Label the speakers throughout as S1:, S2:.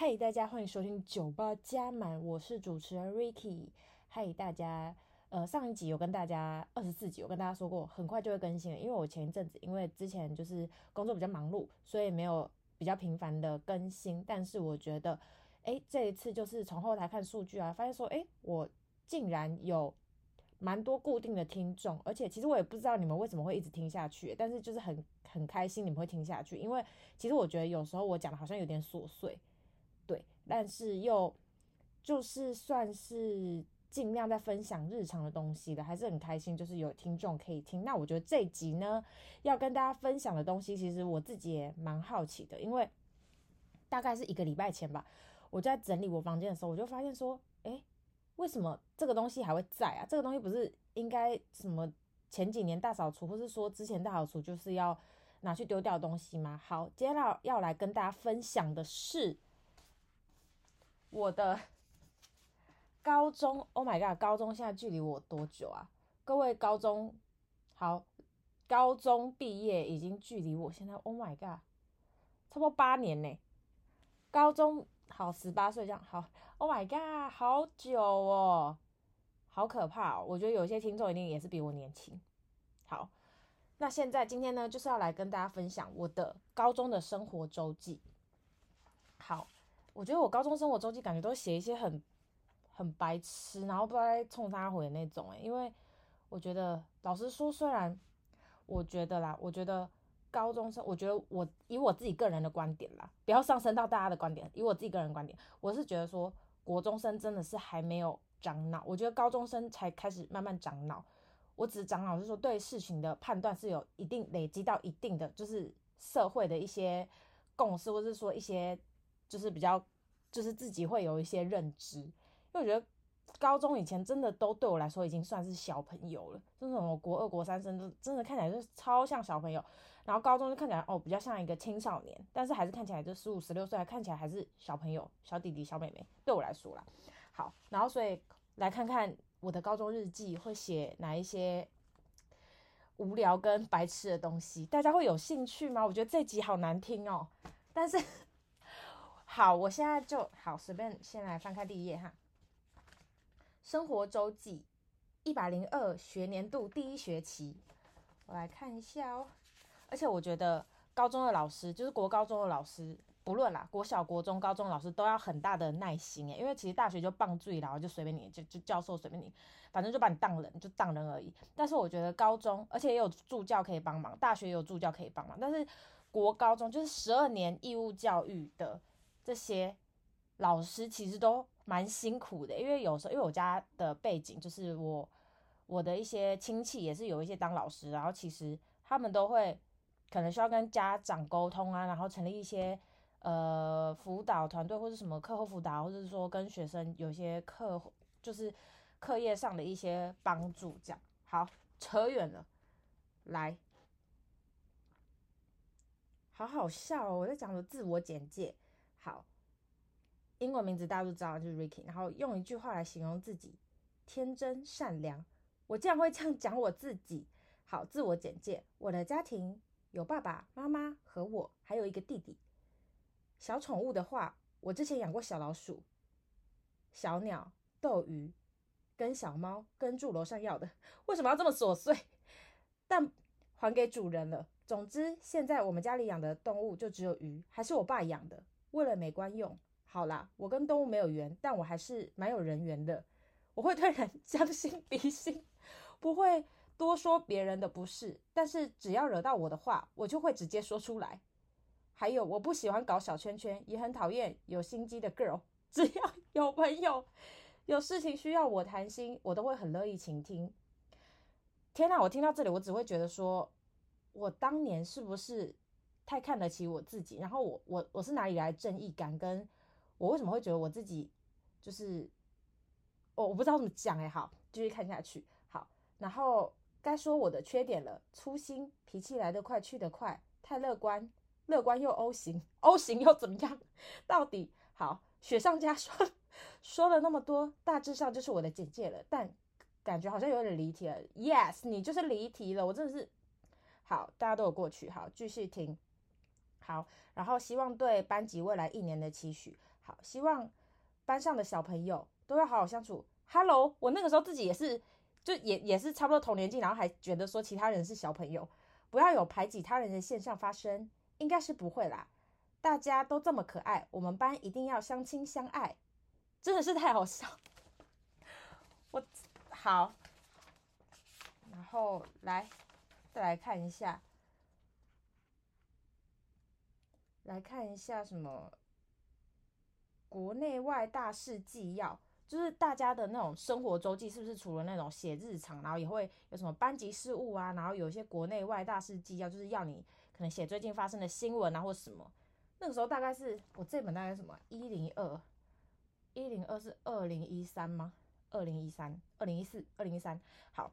S1: 嗨，hey, 大家歡迎收聽酒吧加滿，我是主持人 Ricky。嗨、hey，大家，呃，上一集有跟大家二十四集有跟大家說過，很快就會更新了，因為我前一陣子因為之前就是工作比較忙碌，所以沒有比較頻繁的更新。但是我覺得，哎，這一次就是從後台看數據啊，發現說，哎，我竟然有蠻多固定的聽眾，而且其實我也不知道你們為什麼會一直聽下去，但是就是很很開心你們會聽下去，因為其實我覺得有時候我講的好像有點瑣碎。但是又就是算是盡量在分享日常的東西的，還是很開心，就是有聽眾可以聽。那我覺得這集呢，要跟大家分享的東西，其實我自己也蠻好奇的，因為大概是一個禮拜前吧，我在整理我房間的時候，我就發現說，誒，為什麼這個東西還會在啊？這個東西不是應該什麼前幾年大掃除，或是說之前大掃除就是要拿去丟掉的東西嗎？好，接下來要來跟大家分享的是。我的高中，Oh my god！高中現在距離我多久啊？各位高中好，高中畢業已經距離我現在，Oh my god！差不多八年呢。高中好，十八歲這樣好，Oh my god！好久哦，好可怕哦。我覺得有些聽眾一定也是比我年輕。好，那現在今天呢，就是要來跟大家分享我的高中的生活週記。好。我覺得我高中生活週記感覺都寫一些很很白痴，然後不該沖他回的那種哎、欸，因為我覺得老實說，雖然我覺得啦，我覺得高中生，我覺得我以我自己個人的觀點啦，不要上升到大家的觀點，以我自己個人觀點，我是覺得說國中生真的是還沒有長腦，我覺得高中生才開始慢慢長腦。我只長腦是說對事情的判斷是有一定累積到一定的，就是社會的一些共識，或者是說一些。就是比較，就是自己會有一些認知，因為我覺得高中以前真的都對我來說已經算是小朋友了，就是什麼國二、國三生真的看起來就超像小朋友，然後高中就看起來哦比較像一個青少年，但是還是看起來就十五、十六歲，看起來還是小朋友、小弟弟、小妹妹，對我來說啦。好，然後所以來看看我的高中日記會寫哪一些無聊跟白痴的東西，大家會有興趣嗎？我覺得這集好難聽喔，但是。好，我現在就好隨便先來翻開第一頁哈。生活週記，一百零二學年度第一學期，我來看一下哦。而且我覺得高中的老師，就是國高中的老師，不論啦，國小、國中、高中老師都要很大的耐心誒，因為其實大學就棒醉了，然後就隨便你，就就教授隨便你，反正就把你當人，就當人而已。但是我覺得高中，而且也有助教可以幫忙，大學也有助教可以幫忙，但是國高中就是十二年義務教育的。這些老師其實都蠻辛苦的，因為有時候因為我家的背景就是我我的一些親戚也是有一些當老師，然後其實他們都會可能需要跟家長溝通啊，然後成立一些呃輔導團隊或是什麼課後輔導，或者是說跟學生有些課就是課業上的一些幫助這樣。好，扯遠了，來，好好笑哦！我在講的自我簡介。好，英文名字大家都知道，就是 Ricky。然後用一句話來形容自己：天真善良。我竟然會這樣講我自己。好，自我簡介。我的家庭有爸爸媽媽和我，還有一個弟弟。小寵物的話，我之前養過小老鼠、小鳥、鬥魚，跟小貓，跟住樓上要的。為什麼要這麼瑣碎？但還給主人了。總之，現在我們家裡養的動物就只有魚，還是我爸養的。為了美觀用，好啦，我跟動物沒有緣，但我還是蠻有人緣的。我會對人將心比心，不會多說別人的不是，但是只要惹到我的話，我就會直接說出來。還有，我不喜歡搞小圈圈，也很討厭有心機的 girl。只要有朋友有事情需要我談心，我都會很樂意傾聽。天哪、啊，我聽到這裡，我只會覺得說，我當年是不是？太看得起我自己，然後我我我是哪裡來正義感？跟我為什麼會覺得我自己就是我，哦，我不知道怎麼講也、欸、好，繼續看下去好，然後該說我的缺點了，粗心，脾氣來得快去得快，太樂觀，樂觀又 O 型，O 型又怎麼樣？到底好，雪上加霜，說了那麼多，大致上就是我的簡介了，但感覺好像有點離題了。Yes，你就是離題了，我真的是好，大家都有過去好，繼續聽。好，然後希望對班級未來一年的期許，好，希望班上的小朋友都要好好相處。Hello，我那個時候自己也是，就也也是差不多同年紀，然後還覺得說其他人是小朋友，不要有排擠他人的現象發生，應該是不會啦，大家都這麼可愛，我們班一定要相親相愛，真的是太好笑。我好，然後來再來看一下。來看一下什麼國內外大事紀要，就是大家的那種生活週記，是不是除了那種寫日常，然後也會有什麼班級事務啊，然後有一些國內外大事紀要，就是要你可能寫最近發生的新聞啊或什麼。那個時候大概是我這本大概是什麼一零二一零二是二零一三嗎？二零一三、二零一四、二零一三。好，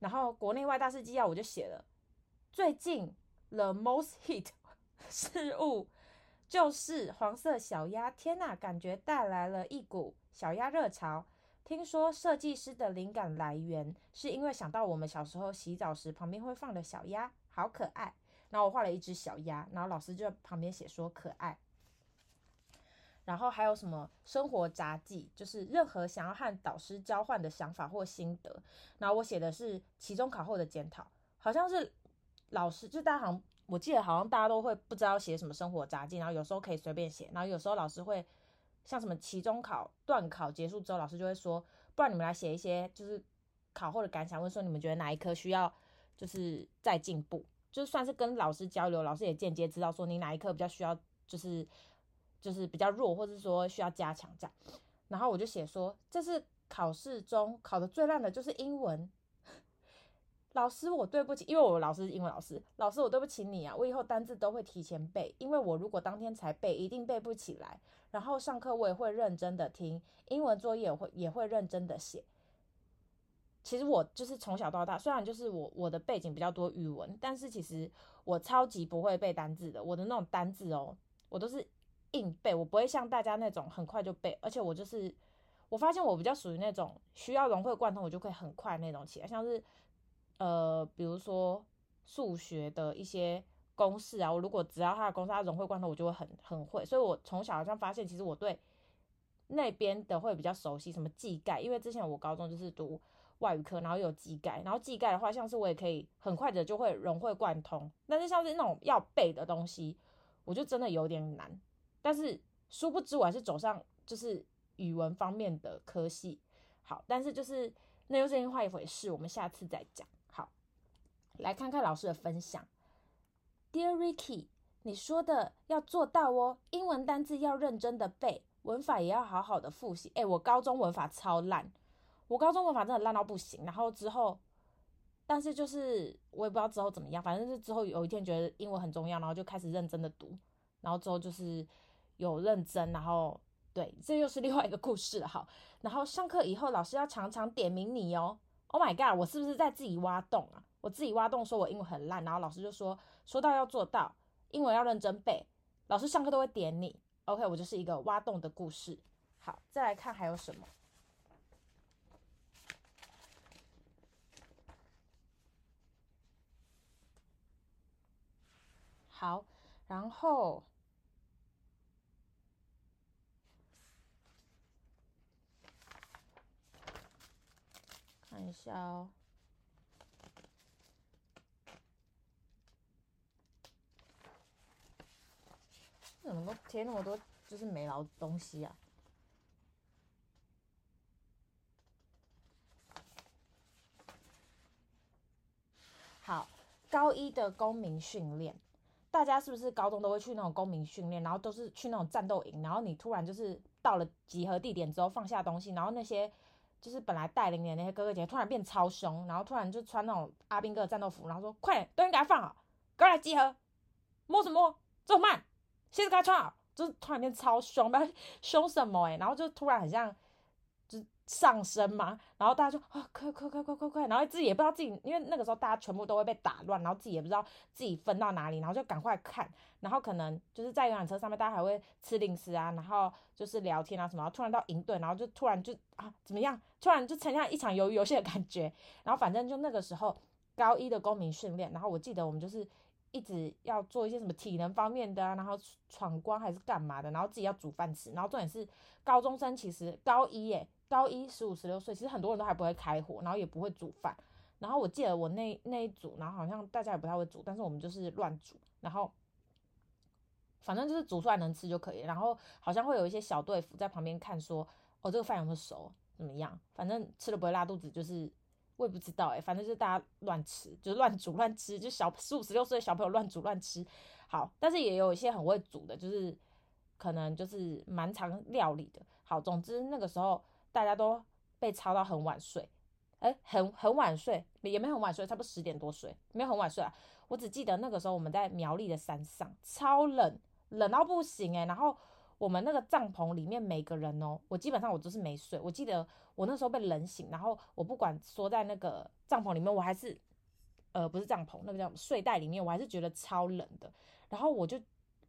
S1: 然後國內外大事紀要我就寫了，最近 The Most Hit。事物，就是黃色小鴨，天吶、啊，感覺帶來了一股小鴨熱潮。聽說設計師的靈感來源是因為想到我們小時候洗澡時旁邊會放的小鴨，好可愛。然後我畫了一隻小鴨，然後老師就在旁邊寫說可愛。然後還有什麼生活札記，就是任何想要和導師交換的想法或心得。然後我寫的是期中考後的檢討，好像是老師就大家好像。我記得好像大家都會不知道寫什麼生活週記，然後有時候可以隨便寫，然後有時候老師會像什麼期中考、段考結束之後，老師就會說，不然你們來寫一些就是考後的感想，問說你們覺得哪一科需要就是再進步，就算是跟老師交流，老師也間接知道說你哪一科比較需要就是就是比較弱，或者是說需要加強這樣。然後我就寫說，這次考試中考得最爛的就是英文。老師，我對不起，因為我老師是英文老師。老師，我對不起你啊！我以後單字都會提前背，因為我如果當天才背，一定背不起來。然後上課我也會認真的聽，英文作業也會也會認真的寫。其實我就是從小到大，雖然就是我我的背景比較多語文，但是其實我超級不會背單字的。我的那種單字哦，我都是硬背，我不會像大家那種很快就背。而且我就是我發現我比較屬於那種需要融會貫通，我就可以很快那種起來，像是。呃，比如說數學的一些公式啊，我如果只要它的公式，它融會貫通，我就會很很會。所以我從小好像發現，其實我對那邊的會比較熟悉，什麼計概，因為之前我高中就是讀外語科，然後有計概，然後計概的話，像是我也可以很快的就會融會貫通。但是像是那種要背的東西，我就真的有點難。但是殊不知，我還是走上就是語文方面的科系。好，但是就是那又是另外一回事，我們下次再講。來看看老師的分享，Dear Ricky，你說的要做到哦，英文單字要認真的背，文法也要好好的複習。欸，我高中文法超爛，我高中文法真的爛到不行。然後之後，但是就是我也不知道之後怎麼樣，反正是之後有一天覺得英文很重要，然後就開始認真的讀。然後之後就是有認真，然後對，這又是另外一個故事了。好，然後上課以後老師要常常點名你哦。Oh my god，我是不是在自己挖洞啊？我自己挖洞，說我英文很爛，然後老師就說：“說到要做到，英文要認真背。”老師上課都會點你。OK，我就是一個挖洞的故事。好，再來看還有什麼？好，然後看一下哦。怎麼都貼那麼多，就是沒牢的東西啊？好，高一的公民訓練，大家是不是高中都會去那種公民訓練？然後都是去那種戰鬥營，然後你突然就是到了集合地點之後放下東西，然後那些就是本來帶領你的那些哥哥姐姐突然變超兇，然後突然就穿那種阿兵哥的戰鬥服，然後說：“快點，東西給他放好，過來集合，摸什麼？這麼慢！”先是開窗，就突然間超凶，不知道凶什麼、欸、然後就突然很像，就上身嘛。然後大家就啊，快快快快快快！然後自己也不知道自己，因為那個時候大家全部都會被打亂，然後自己也不知道自己分到哪裡，然後就趕快看。然後可能就是在遊覽車上面，大家還會吃零食啊，然後就是聊天啊什麼。然突然到營隊，然後就突然就啊怎麼樣？突然就呈現一場魷魚遊戲的感覺。然後反正就那個時候高一的公民訓練，然後我記得我們就是。一直要做一些什麼體能方面的啊，然後闖關還是幹嘛的，然後自己要煮飯吃，然後重點是高中生，其實高一誒，高一十五十六歲，其實很多人都還不會開火，然後也不會煮飯，然後我記得我那那一組，然後好像大家也不太會煮，但是我們就是亂煮，然後反正就是煮出來能吃就可以，然後好像會有一些小隊輔在旁邊看說哦這個飯有沒有熟怎麼樣，反正吃了不會拉肚子就是。我也不知道、欸、反正就是大家亂吃，就是亂煮亂吃，就是小十五十六歲的小朋友亂煮亂吃。好，但是也有一些很會煮的，就是可能就是蠻常料理的。好，總之那個時候大家都被吵到很晚睡，哎、欸，很很晚睡，也沒很晚睡，差不多十點多睡，沒有很晚睡啊。我只記得那個時候我們在苗栗的山上，超冷，冷到不行哎、欸，然後。我們那個帳篷裡面每個人哦，我基本上我都是沒睡。我記得我那時候被冷醒，然後我不管縮在那個帳篷裡面，我還是，呃，不是帳篷，那個叫睡袋裡面，我還是覺得超冷的。然後我就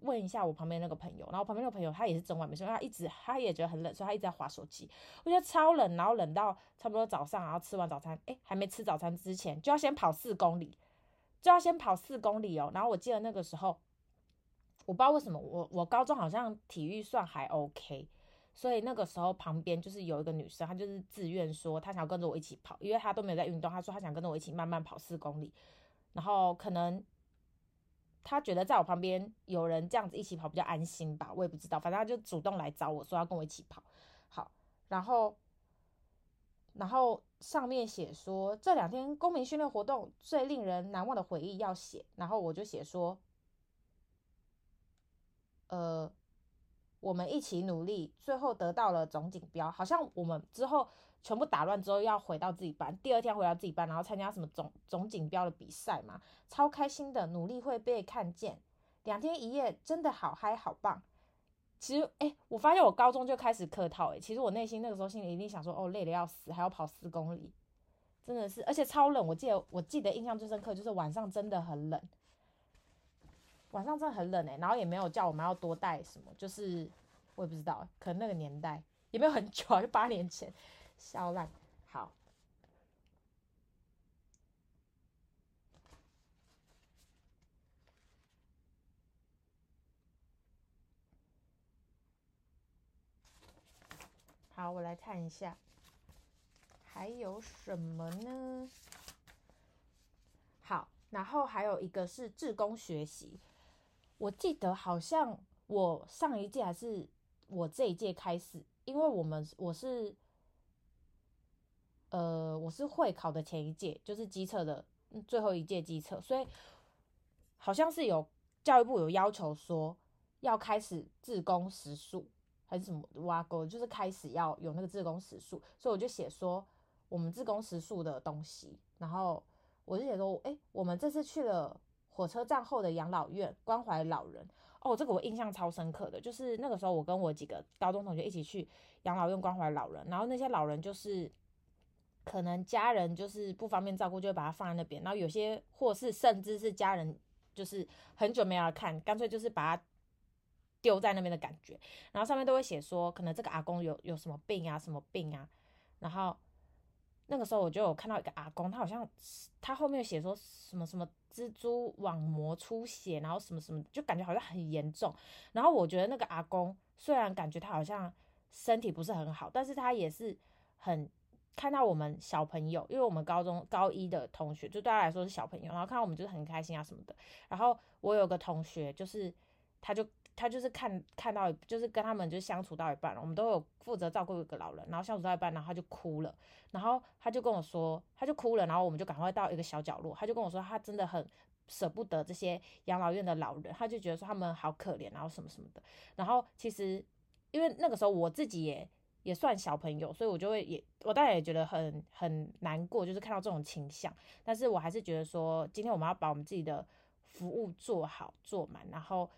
S1: 問一下我旁邊那個朋友，然後旁邊那個朋友他也是整晚沒睡，他一直他也覺得很冷，所以他一直在滑手機。我覺得超冷，然後冷到差不多早上，然後吃完早餐，欸，還沒吃早餐之前就要先跑四公里，就要先跑四公里哦。然後我記得那個時候。我不知道為什麼我我高中好像體育算還 OK，所以那個時候旁邊就是有一個女生，她就是自願說她想要跟着我一起跑，因為她都沒有在運動，她說她想跟着我一起慢慢跑四公里，然後可能她覺得在我旁邊有人這樣子一起跑比較安心吧，我也不知道，反正她就主動來找我說要跟我一起跑。好，然後然後上面寫說這兩天公民訓練活動最令人難忘的回憶要寫，然後我就寫說。呃，我們一起努力，最後得到了總錦標。好像我們之後全部打亂之後，要回到自己班，第二天回到自己班，然後參加什麼總總錦標的比賽嘛，超開心的，努力會被看見。兩天一夜真的好嗨好棒。其實誒，我發現我高中就開始客套誒，其實我內心那個時候心裡一定想說，哦，累的要死，還要跑四公里，真的是，而且超冷。我記得我記得印象最深刻就是晚上真的很冷。晚上真的很冷哎、欸，然後也沒有叫我們要多帶什麼，就是我也不知道，可能那個年代也沒有很久啊，就八年前。笑爛，好。好，我來看一下，還有什麼呢？好，然後還有一個是志工學習。我記得好像我上一屆還是我這一屆開始，因為我們，我是，呃，我是會考的前一屆，就是基測的最後一屆基測，所以好像是有教育部有要求說要開始志工時數，還是什麼挖溝，就是開始要有那個志工時數，所以我就寫說我們志工時數的東西，然後我就寫說，哎、欸，我們這次去了。火車站後的養老院關懷老人哦，這個我印象超深刻的，就是那個時候我跟我幾個高中同學一起去養老院關懷老人，然後那些老人就是可能家人就是不方便照顧，就會把他放在那邊，然後有些或是甚至是家人就是很久沒來看，乾脆就是把他丟在那邊的感覺，然後上面都會寫說可能這個阿公有有什麼病啊，什麼病啊，然後。那個時候我就有看到一個阿公，他好像他後面寫說什麼什麼蜘蛛網膜出血，然後什麼什麼，就感覺好像很嚴重。然後我覺得那個阿公雖然感覺他好像身體不是很好，但是他也是很看到我們小朋友，因為我們高中高一的同學就對他來說是小朋友，然後看到我們就是很開心啊什麼的。然後我有個同學就是他就。他就是看看到，就是跟他們就相處到一半了，我們都有負責照顧一個老人，然後相處到一半，然後他就哭了，然後他就跟我說，他就哭了，然後我們就趕快到一個小角落，他就跟我說，他真的很捨不得這些養老院的老人，他就覺得說他們好可憐，然後什麼什麼的，然後其實因為那個時候我自己也也算小朋友，所以我就會也我當然也覺得很很難過，就是看到這種傾向，但是我還是覺得說，今天我們要把我們自己的服務做好做滿，然後。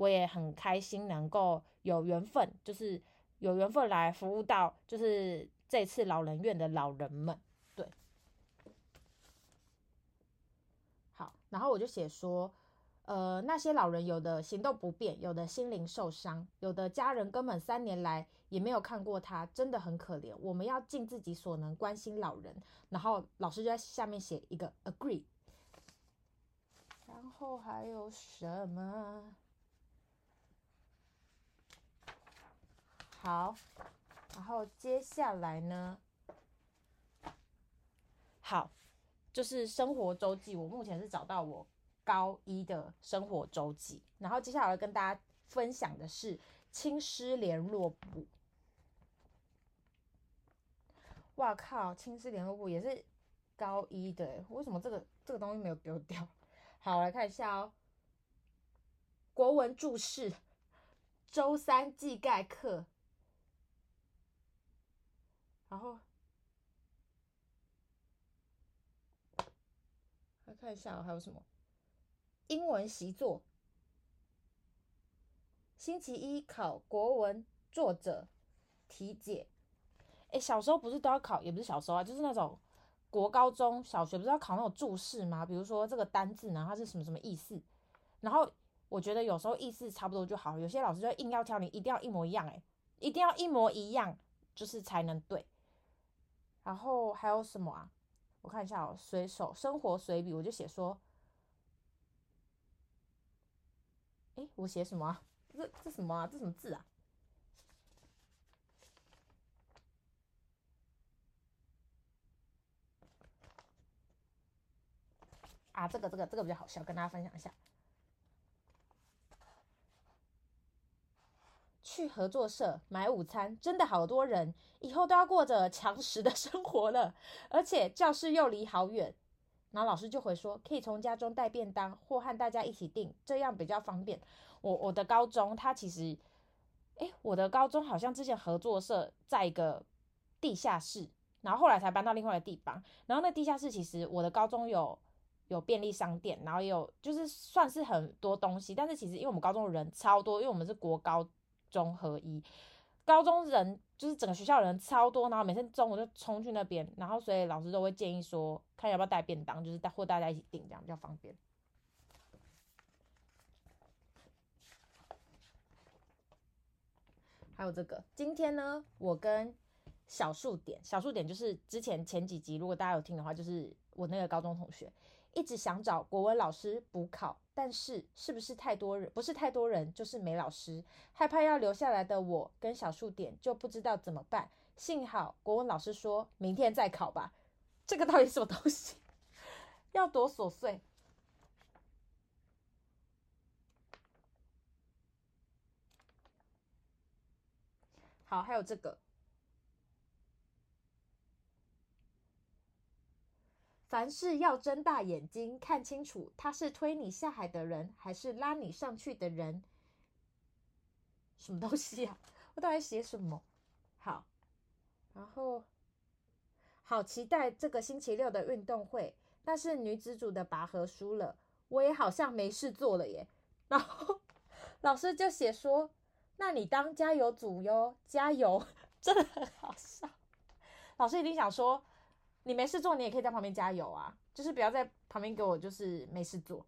S1: 我也很開心能夠有緣分，就是有緣分來服務到，就是這次老人院的老人們。對，好，然後我就寫說，呃，那些老人有的行動不便，有的心靈受傷，有的家人根本三年來也沒有看過他，真的很可憐。我們要盡自己所能關心老人。然後老師就在下面寫一個 agree。Ag 然後還有什麼？好，然後接下來呢？好，就是生活周記。我目前是找到我高一的生活周記。然後接下來，我來跟大家分享的是親師聯絡簿。哇靠，親師聯絡簿也是高一的，為什麼這個這個東西沒有丟掉？好，我來看一下哦。國文注釋，周三計概課。然後看一下，喔，還有什麼？英文習作，星期一考國文作者題解。誒、欸，小時候不是都要考，也不是小時候啊，就是那種國高中小學不是要考那種注釋嗎？比如說這個單字呢，它是什麼什麼意思？然後我覺得有時候意思差不多就好，有些老師就硬要挑你一定要一模一樣，欸，一定要一模一樣，誒，一定要一模一樣，就是才能對。然後還有什麼啊？我看一下哦，隨手生活隨筆，我就寫說，誒，我寫什麼啊？這這什麼啊？這什麼字啊？啊，這個這個這個比較好笑，跟大家分享一下。去合作社買午餐，真的好多人，以後都要過着搶食的生活了。而且教室又離好遠，然後老師就會說可以從家中帶便當，或和大家一起訂，這樣比較方便。我我的高中他其實，誒、欸，我的高中好像之前合作社在一個地下室，然後後來才搬到另外一個地方。然後那地下室其實我的高中有有便利商店，然後也有就是算是很多東西，但是其實因為我們高中人超多，因為我們是國高中合一，高中人就是整個學校人超多，然後每天中午就衝去那邊，然後所以老師都會建議說，看要不要帶便當，就是帶或大家一起訂，這樣比較方便。還有這個，今天呢，我跟小數點，小數點就是之前前幾集，如果大家有聽的話，就是我那個高中同學。一直想找國文老師補考，但是是不是太多人？不是太多人，就是沒老師。害怕要留下來的我跟小數點就不知道怎麼辦。幸好國文老師說明天再考吧。這個到底是什麼東西？要多瑣碎。好，還有這個。凡事要睜大眼睛看清楚，他是推你下海的人，還是拉你上去的人？什麼東西啊？我到底寫什麼？好，然後好期待這個星期六的運動會。但是女子組的拔河輸了，我也好像沒事做了耶。然後老師就寫說：“那你當加油組喲，加油！”真的很好笑。老師一定想說。你沒事做，你也可以在旁邊加油啊，就是不要在旁邊給我就是沒事做。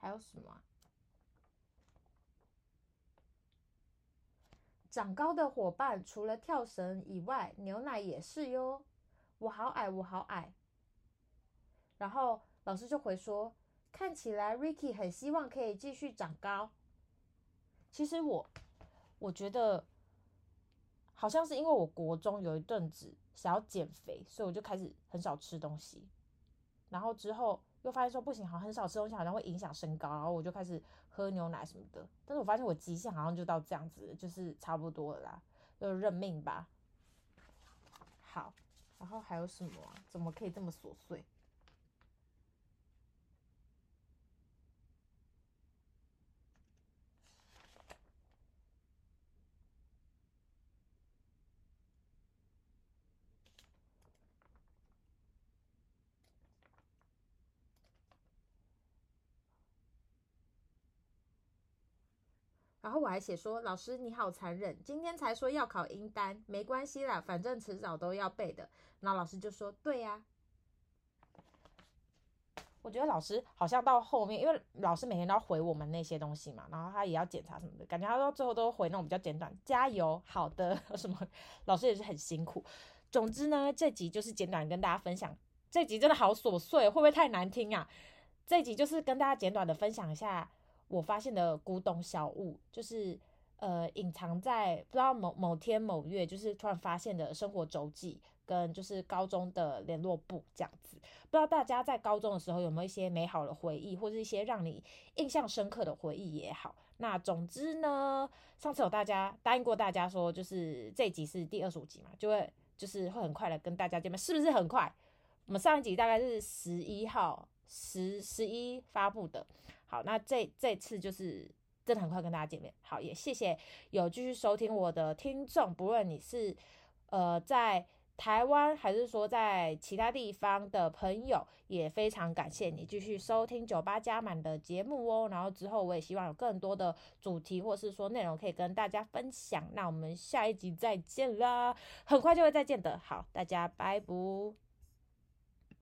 S1: 還有什麼啊？長高的夥伴，除了跳繩以外，牛奶也是喲。我好矮，我好矮。然後老師就回說：“看起來 Ricky 很希望可以繼續長高。”其實我，我覺得好像是因為我國中有一陣子想要減肥，所以我就開始很少吃東西。然後之後又發現說不行，好像很少吃東西好像會影響身高，然後我就開始喝牛奶什麼的。但是我發現我極限好像就到這樣子，就是差不多了啦，就認命吧。好。然後還有什麼啊？怎麼可以這麼瑣碎？然後、哦、我還寫說，老師你好殘忍，今天才說要考英單，沒關係啦，反正遲早都要背的。然後老師就說，對呀、啊。我覺得老師好像到後面，因為老師每天都要回我們那些東西嘛，然後他也要檢查什麼的，感覺他到最後都回那種比較簡短，加油，好的什麼。老師也是很辛苦。總之呢，這集就是簡短跟大家分享，這集真的好瑣碎，會不會太難聽啊？這集就是跟大家簡短的分享一下。我發現的古董小物，就是呃，隱藏在不知道某某天某月，就是突然發現的生活周記，跟就是高中的聯絡簿這樣子。不知道大家在高中的時候有沒有一些美好的回憶，或是一些讓你印象深刻的回憶也好。那總之呢，上次有大家答應過大家說，就是這一集是第二十五集嘛，就會就是會很快的跟大家見面，是不是很快？我們上一集大概是十一號十十一發布的。好，那這這次就是真的很快跟大家見面。好，也謝謝有繼續收聽我的聽眾，不論你是呃在台灣還是說在其他地方的朋友，也非常感謝你繼續收聽98加滿的節目哦。然後之後我也希望有更多的主題或是說內容可以跟大家分享。那我們下一集再見啦，很快就會再見的。好，大家拜拜。